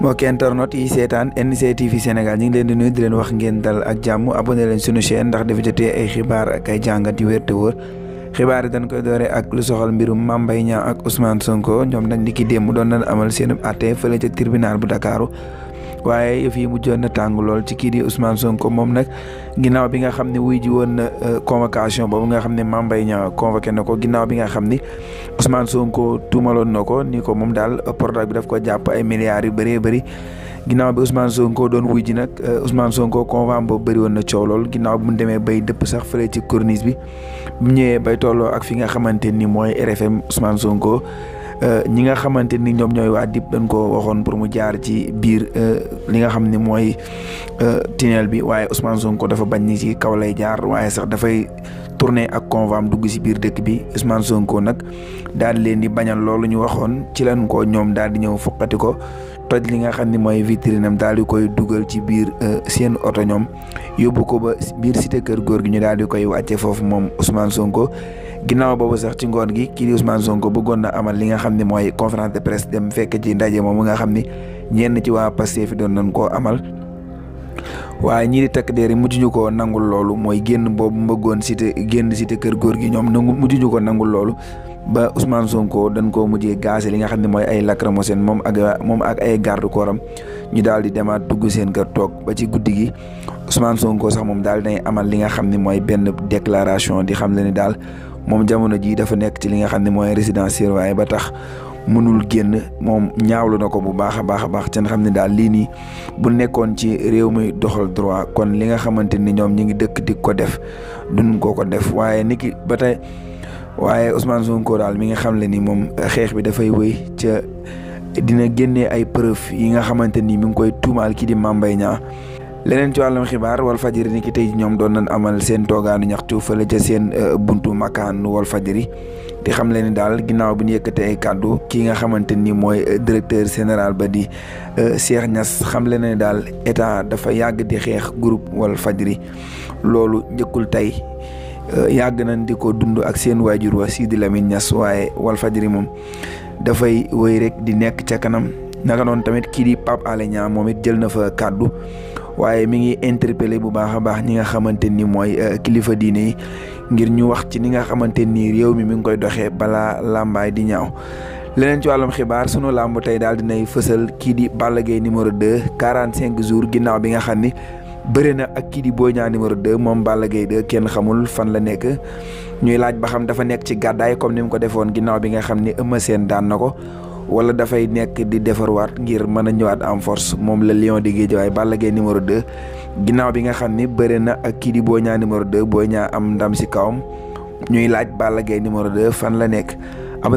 mbokki internet yi seetaan NGTV Sénégal ñu ngi leen di nuyu di leen wax ngeen dal ak jàmm abonné leen sunu chaîne ndax dafa jotee ay xibaar ak ay jàngat yu wér xibaar yi dañ koy doore ak lu soxal mbirum Mame Mbaye Niang ak Ousmane Sonko ñoom dañ di ki démb doon nañ amal seen ab àtte fële ca tribunal bu Dakaaru waaye yëf mu mujjoon na tàng lool ci kii di Ousmane Sonko moom nag ginnaaw bi nga xam ne wuy ji woon na euh, convocation boobu nga xam ne Mame Mbaye Niang convoqué na ko ginnaaw bi nga xam ni Ousmane Sonko tuumaloon na ko ni ko moom daal portail bi daf ko jàpp ay milliards yu bëree bëri. ginnaaw bi Ousmane Sonko doon wuy ji nag euh, Ousmane Sonko convent boobu bëri woon na coow lool ginnaaw bu mu demee bay dëpp sax fële ci corniche bi mu ñëwee bay tolloo ak fi nga xamante nii mooy RFM Ousmane Sonko. Euh, ñi nga xamante ni ñoom ñooy waa DIP dañ koo waxoon pour mu jaar ci biir euh, li nga xam ne mooy euh, tunnel bi waaye Ousmane Sonko dafa bañ ni ci kaw lay jaar waaye sax dafay tourné ak convoi am dugg si biir dëkk bi Ousmane Sonko nag daal di leen di bañal loolu ñu waxoon ci lan ko ñoom daal di ñëw foqati ko toj li nga xam ni mooy vitrine am daal di koy dugal ci biir seen oto ñoom yóbbu ko ba biir si te kër góor gi ñu daal di koy wàcce foofu moom Ousmane Sonko ginnaaw boobu sax ci ngoon gi kii di Ousmane Sonko bëggoon na amal li nga xam ne mooy conférence de presse dem fekk ci ndaje moomu nga xam ni ñenn ci waa Pastef fi doon nañ koo amal waaye ñii di yi mujj ko nangul loolu mooy génn boobu mbëggoon cité génn cité kër góor gi ñoom nangu mujj ñu ko nangul loolu ba Ousmane Sonko dañ koo mujjee gaase li nga xam ne mooy ay lacrymogène moom ak moom ak ay garde ñu daal di demaat dugg seen kër toog ba ci guddi gi Ousmane Sonko sax moom daal dinay amal li nga xam ni mooy benn déclaration di xam la ni daal moom jamono jii dafa nekk ci li nga xam ne mooy résidence waaye ba tax mënul génn moom ñaawlu na ko bu baax a baax a baax seen xam ne daal lii nii bu nekkoon ci réew mi doxal droit kon li nga xamante ni ñoom ñi ngi dëkk di ko def duñ ko ko def waaye niki ba tey waaye Ousmane Sonko daal mi nga xam le ni moom xeex bi dafay wéy ca dina génnee ay preuve yi nga xamante ni mi ngi koy tuumaal kii di Mame Mbaye Niang leneen ci wàllum xibaar fajiri ni ki tey ñoom doon nañ amal seen toogaanu ñaxtu fële ca seen e, buntu wal fajiri di xam leen ni daal ginnaaw bi ñu yëkkatee ay kàddu kii nga xamante ni mooy e, directeur général ba di e, Cheikh ñas xam leen ni daal état dafa yàgg di xeex groupe fajiri loolu njëkkul tey yàgg na di ko dund ak seen waajur wa di Lamine Niass waaye Walfadjri moom dafay wëy rek di nekk ca kanam naka noonu tamit kii di Pape Alé moom it jël na fa kàddu. waaye mi ngi interpellé bu baax a baax ñi nga xamante ni mooy euh, kilifa diine yi ngir ñu wax ci ni nga xamante ni réew mi mi ngi koy doxee balaa làmbaay di ñaaw. leneen ci wàllum xibaar sunu làmb tey daal dinay fësal kii di Balla Gaye numéro 2 45 jours ginnaaw bi nga xam ni bëri na ak kii di Boy Niang numéro 2 moom Balla Gaye 2 kenn xamul fan la nekk ñuy laaj ba xam dafa nekk ci gàddaay comme ni mu ko defoon ginnaaw bi nga xam ni Eumeu Sène daan na ko. wala dafay nekk di defarwaat ngir mën a ñëwaat en force moom la lion di Guédiawaye Balla Gaye numéro 2 ginnaaw bi nga xam ni bëre na ak kii di boo ñaa numéro 2 boo Niang am ndam si kawam ñuy laaj Balla Gaye numéro 2 fan la nekk am